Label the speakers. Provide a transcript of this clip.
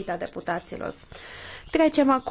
Speaker 1: obiect a deputaților. Trecem acum